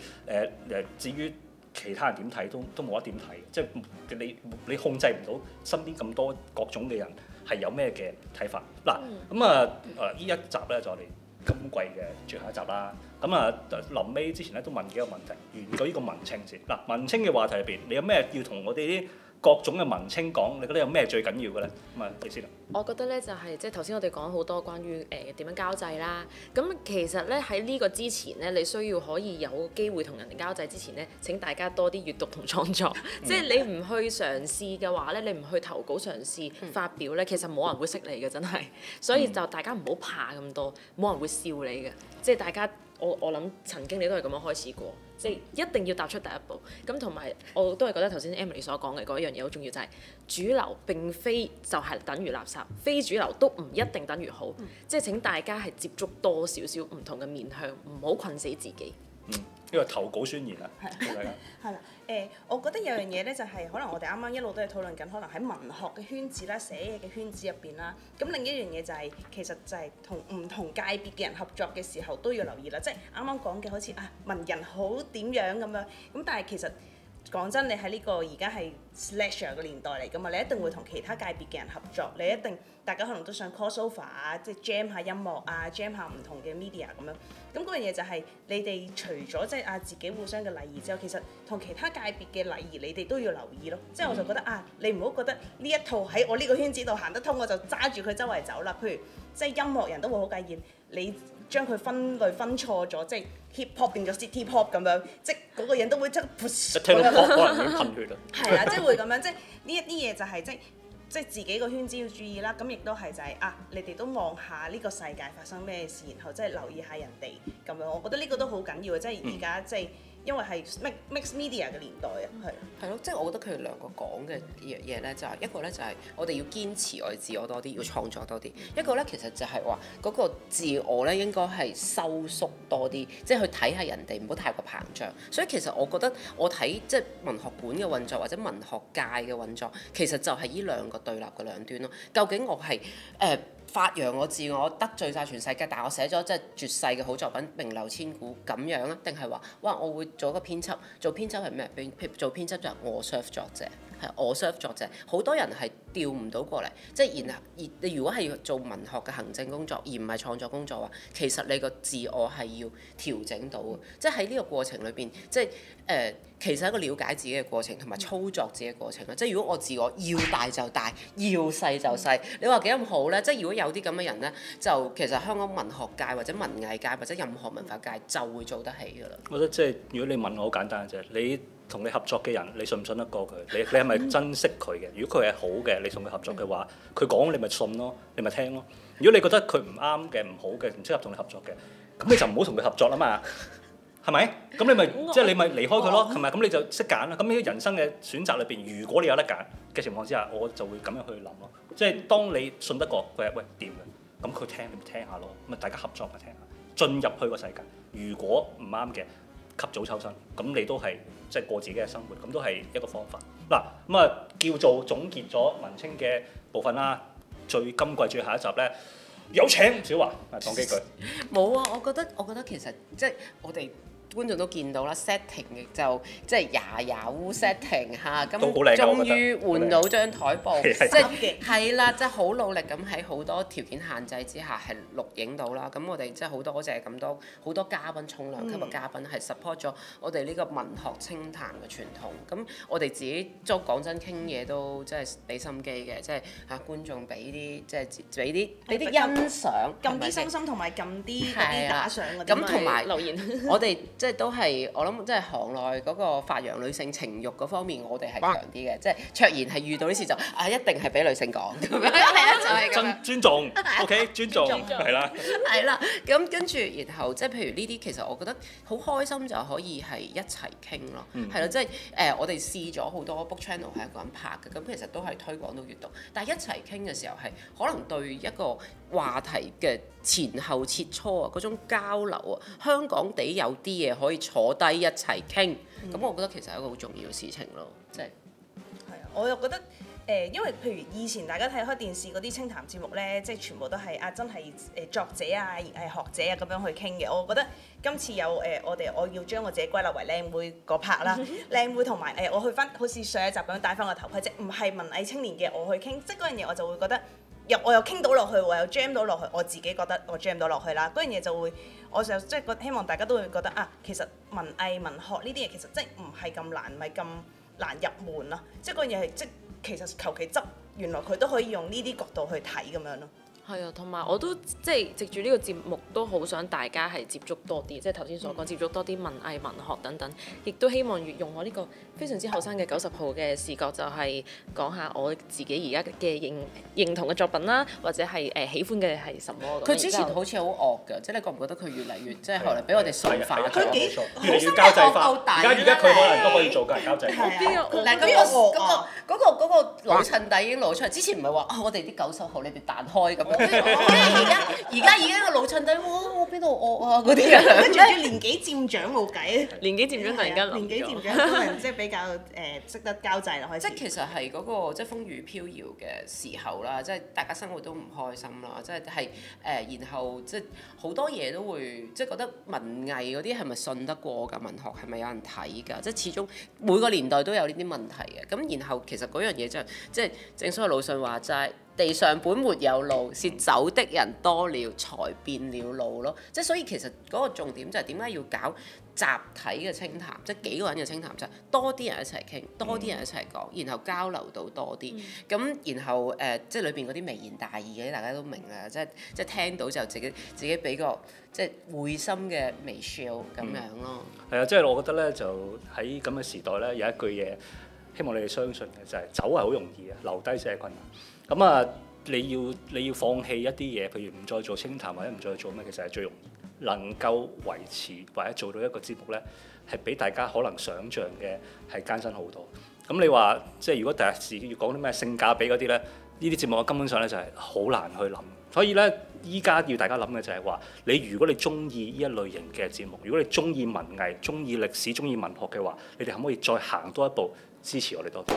呃，至於其他人點睇都都冇得點睇，即係你你控制唔到身邊咁多各種嘅人係有咩嘅睇法嗱。咁啊，呢、啊、一集咧就我哋今季嘅最後一集啦。咁啊，臨尾之前咧都問幾個問題，完咗呢個文青先，嗱，文青嘅話題入邊，你有咩要同我哋啲各種嘅文青講？你覺得有咩最緊要嘅咧？咁啊，你先啦。我覺得咧就係、是，即係頭先我哋講好多關於誒點、呃、樣交際啦。咁其實咧喺呢個之前咧，你需要可以有機會同人哋交際之前咧，請大家多啲閱讀同創作。即 [LAUGHS] 係你唔去嘗試嘅話咧，你唔去投稿嘗試發表咧，嗯、其實冇人會識你嘅，真係。所以就大家唔好怕咁多，冇人會笑你嘅。即、就、係、是、大家。我我諗曾經你都係咁樣開始過，即係一定要踏出第一步。咁同埋我都係覺得頭先 Emily 所講嘅嗰一樣嘢好重要，就係主流並非就係等於垃圾，非主流都唔一定等於好。嗯、即係請大家係接觸多少少唔同嘅面向，唔好困死自己。嗯，呢個投稿宣言啦，係啦 [LAUGHS] 。 [LAUGHS] 誒，我覺得有樣嘢咧，就係可能我哋啱啱一路都係討論緊，可能喺文學嘅圈子啦、寫嘢嘅圈子入邊啦，咁另一樣嘢就係其實就係同唔同界別嘅人合作嘅時候都要留意啦，即係啱啱講嘅好似啊文人好點樣咁樣，咁但係其實。講真，你喺呢個而家係 slasher 嘅年代嚟㗎嘛，你一定會同其他界別嘅人合作，你一定大家可能都想 crossover 啊，即係 jam 下音樂啊，jam 下唔同嘅 media 咁樣。咁嗰樣嘢就係、是、你哋除咗即係啊自己互相嘅禮儀之外，其實同其他界別嘅禮儀你哋都要留意咯。即係我就覺得、嗯、啊，你唔好覺得呢一套喺我呢個圈子度行得通，我就揸住佢周圍走啦。譬如即係音樂人都會好介意你。將佢分類分錯咗，即係 hip hop 變咗 city pop 咁樣，即係嗰個人都會即刻 [LAUGHS] 可能會噴血啊！係啊， [LAUGHS] 即係會咁樣，即係呢一啲嘢就係，即係即係自己個圈子要注意啦。咁亦都係就係，啊，你哋都望下呢個世界發生咩事，然後即係留意下人哋咁樣。我覺得呢個都好緊要啊！即係而家即係。嗯因為係 mix media 嘅年代啊，係咯，即係我覺得佢哋兩個講嘅嘢咧，就係、是、一個咧就係我哋要堅持我自我多啲，要創作多啲；一個咧其實就係話嗰個自我咧應該係收縮多啲，即、就、係、是、去睇下人哋，唔好太過膨脹。所以其實我覺得我睇即係文學館嘅運作或者文學界嘅運作，其實就係呢兩個對立嘅兩端咯。究竟我係誒？呃發揚我自我，我得罪晒全世界，但係我寫咗即係絕世嘅好作品，名留千古咁樣啊？定係話：「哇，我會做一個編輯，做編輯係咩？做編做編輯就係我 serve 作者。係我 s e 作者，好多人係調唔到過嚟，即係然後而你如果係要做文學嘅行政工作，而唔係創作工作話，其實你個自我係要調整到嘅，即係喺呢個過程裏邊，即係誒、呃、其實係一個了解自己嘅過程，同埋操作自己嘅過程啦。即係如果我自我要大就大，要細就細，你話幾咁好咧？即係如果有啲咁嘅人咧，就其實香港文學界或者文藝界或者任何文化界就會做得起噶啦。我覺得即係如果你問我，好簡單嘅啫，你。同你合作嘅人，你信唔信得過佢？你你係咪珍惜佢嘅？如果佢係好嘅，你同佢合作嘅話，佢講、嗯、你咪信咯，你咪聽咯。如果你覺得佢唔啱嘅、唔好嘅、唔適合同你合作嘅，咁你就唔好同佢合作啦嘛，係咪？ [LAUGHS] 咁你咪、嗯、即係你咪離開佢咯，係咪、哦？咁你就識揀啦。咁喺人生嘅選擇裏邊，如果你有得揀嘅情況之下，我就會咁樣去諗咯。即係當你信得過佢係，喂掂嘅，咁佢聽你咪聽下咯，咪大家合作咪聽下。進入去個世界，如果唔啱嘅，及早抽身，咁你都係。即係過自己嘅生活，咁都係一個方法。嗱，咁啊叫做總結咗文青嘅部分啦。最今季最後一集咧，有請小華，講幾句。冇啊，我覺得我覺得其實即係我哋。觀眾都見到啦，setting 亦就即係呀呀烏 setting 嚇，咁、啊嗯、終於換到張台布，即係係啦，即係好努力咁喺好多條件限制之下係錄影到啦。咁我哋即係好多謝咁多好多嘉賓，重量級嘅嘉賓係 support 咗我哋呢個文學清談嘅傳統。咁我哋自己即係講真傾嘢都即係俾心機嘅，即係嚇觀眾俾啲即係俾啲俾啲欣賞，撳啲心心同埋撳啲打賞嗰咁同埋留言， [LAUGHS] 我哋。即係都係，我諗即係行內嗰個發揚女性情慾嗰方面，我哋係強啲嘅。哇 即係卓然係遇到呢事就啊，一定係俾女性講咁 [LAUGHS] 樣，就係尊尊重，OK，尊重，係啦，係啦。咁跟住，然後即係譬如呢啲，其實我覺得好開心就可以係一齊傾咯，係啦、嗯。即係誒，我哋試咗好多 book channel 係一個人拍嘅，咁其實都係推廣到閱讀。但係一齊傾嘅時候係可能對一個。話題嘅前後切磋啊，嗰種交流啊，香港地有啲嘢可以坐低一齊傾，咁、嗯、我覺得其實係一個好重要嘅事情咯，即係係啊，我又覺得誒、呃，因為譬如以前大家睇開電視嗰啲清談節目咧，即係全部都係啊，真係誒、呃、作者啊，誒學者啊咁樣去傾嘅，我覺得今次有誒我哋我要將我自己歸納為靚妹嗰 part 啦，靚、嗯、哼妹同埋誒我去翻好似上一集咁戴翻個頭盔，即唔係文藝青年嘅我去傾，即係嗰樣嘢我就會覺得。又我又傾到落去我又 jam 到落去，我自己覺得我 jam 到落去啦。嗰樣嘢就會，我就即係希望大家都會覺得啊，其實文藝文學呢啲嘢其實即係唔係咁難，唔係咁難入門咯。即係嗰樣嘢即其實求其執，原來佢都可以用呢啲角度去睇咁樣咯。係啊，同埋我都即係藉住呢個節目，都好想大家係接觸多啲，即係頭先所講接觸多啲文藝文學等等，亦都希望用我呢個非常之後生嘅九十號嘅視角，就係講下我自己而家嘅認認同嘅作品啦，或者係誒喜歡嘅係什麼？佢之前好似好惡㗎，即係你覺唔覺得佢越嚟越即係後嚟俾我哋神化咗？佢幾？佢個角夠大，而家而家佢可能都可以做緊交際。邊個、嗰個？嗱咁、嗰個嗰、嗰個嗰老襯底已經攞出嚟。之前唔係話我哋啲九十號，你哋彈開咁即係而家，而家而家個老襯對我，我邊度惡啊？嗰啲，跟住年紀漸長冇計。 [LAUGHS] 年紀漸長突然間年紀漸長，即係比較誒識、呃、得交際啦、那個。即係其實係嗰個即係風雨飄搖嘅時候啦，即係大家生活都唔開心啦，即係係誒，然後即係好多嘢都會即係覺得文藝嗰啲係咪信得過㗎？文學係咪有人睇㗎？即係始終每個年代都有呢啲問題嘅。咁然後其實嗰樣嘢就係即係正所謂魯迅話齋。地上本沒有路，是走的人多了才變了路咯。即係所以其實嗰個重點就係點解要搞集體嘅清談，即係幾個人嘅清談，就係多啲人一齊傾，多啲人一齊講，然後交流到多啲。咁、嗯、然後誒、呃，即係裏邊嗰啲微言大義嘅，大家都明啦。即係即係聽到就自己自己俾個即係會心嘅微笑咁樣咯。係啊、嗯，即係、就是、我覺得咧，就喺咁嘅時代咧，有一句嘢希望你哋相信嘅就係、是、走係好容易啊，留低先係困難。咁啊，你要你要放棄一啲嘢，譬如唔再做清談或者唔再做咩，其實係最容易能夠維持或者做到一個節目呢，係比大家可能想像嘅係艱辛好多。咁你話即係如果第時要講啲咩性價比嗰啲呢，呢啲節目根本上呢就係好難去諗。所以呢，依家要大家諗嘅就係話，你如果你中意呢一類型嘅節目，如果你中意文藝、中意歷史、中意文學嘅話，你哋可唔可以再行多一步，支持我哋多啲？